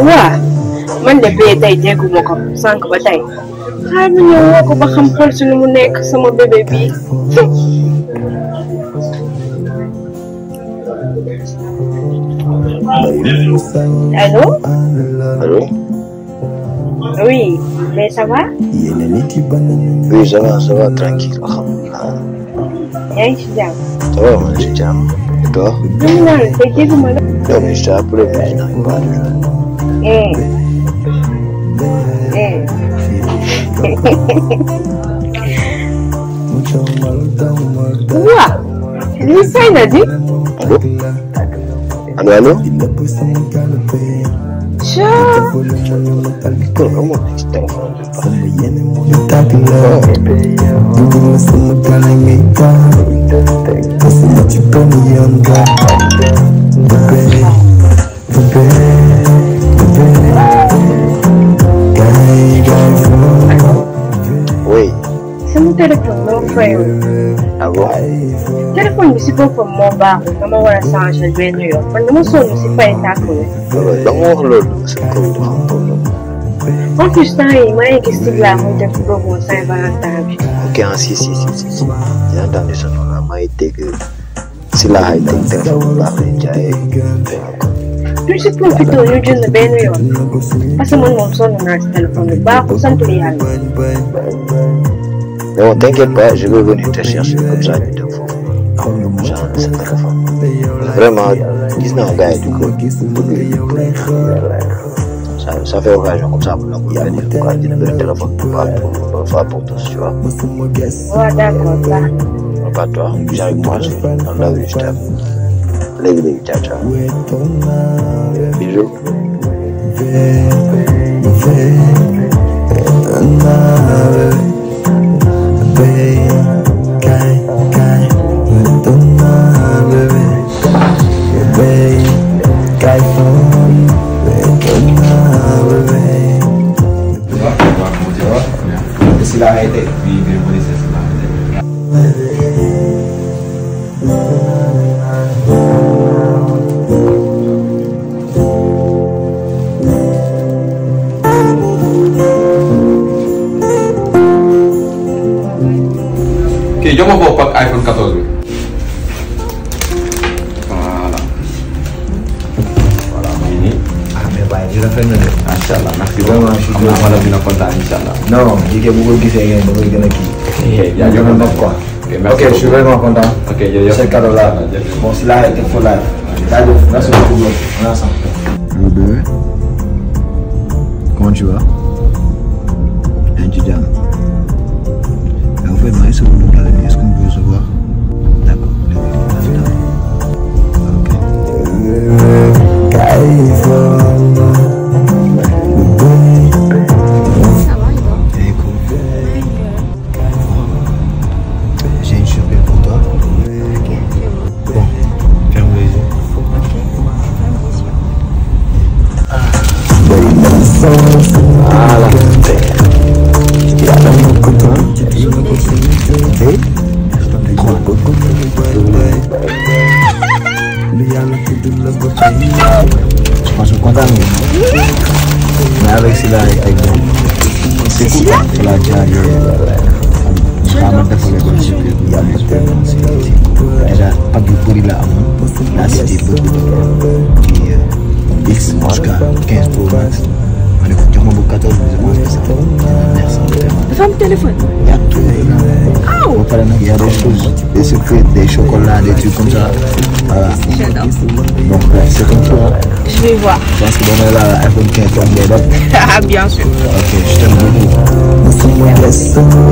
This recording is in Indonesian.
Wah, man de bee tey dégguma ko sànq ba tey xaar na ñëw ba xam mu sama bébé bii. Halo? oui mais ça va. oui ça va ça va tranquille alhamdulilah. yaa si jam. ça man si jàmm. et toi. non non je t'ai appelé mais je n'arrive pas à Mm. Mm. Wah, Halo, halo. Sure. telephone, no friend. Abo. Telephone mi si from mobile, na mo wala le answer menu yo. Pag mo so mi si pa ita ko. Dango holo sa ko do hapo no. Office tayo, est gistigla mo de ko mo sa c'est Okay, C'est ah, si si si si si. Yan dan ni sa na may tig. Sila hay tig telephone la rin jay. Yung si Prof. ito, yung dyan na que yun. Pasaman mo, so téléphone nasa telephone, ba non, oh, t'inquiète pas, je vais venir te chercher comme ça, tu te fous. c'est très fort. Vraiment, dis nous gars du du ça, ça fait occasion comme ça pour la y on faire le téléphone, pour pas pour faire pour tous, tu vois. d'accord, ça. Pas toi, avec moi, c'est dans autre je Bisous. sila hete bibir ko sa sila hete Okay, yung mabok pag iPhone 14. dafay na de macha allah ndax di ko am na dina kontaan incha allah non jigéen bu ko gisee ngeen da koy gën a kii yaa gën a nopp quoi ok je suis vraiment content ok jërëjëf c'est cadeau là bon si laa été comment tu vas yaa ngi ci jàmm yaa ngi fay maa ngi sa con sus contaminos. Alex y la I don't. Sí, sí, la Jagger. Kamat pala ko si Era pagpupuri lang nasa ibo. Iya. Ix Oscar, Ken's Promax. on tire-moi beaucoup 14, mais c'est pas un téléphone. Merci. Ferme téléphone. Il y a tout Oh. Il y a des choses, des secrets, des chocolats, des trucs comme ça. Voilà. J'adore. Donc, euh, c'est comme toi. Je vais voir. Je pense que bon, là, la iPhone 15 comme des Ah, bien sûr. Ok, je t'aime beaucoup.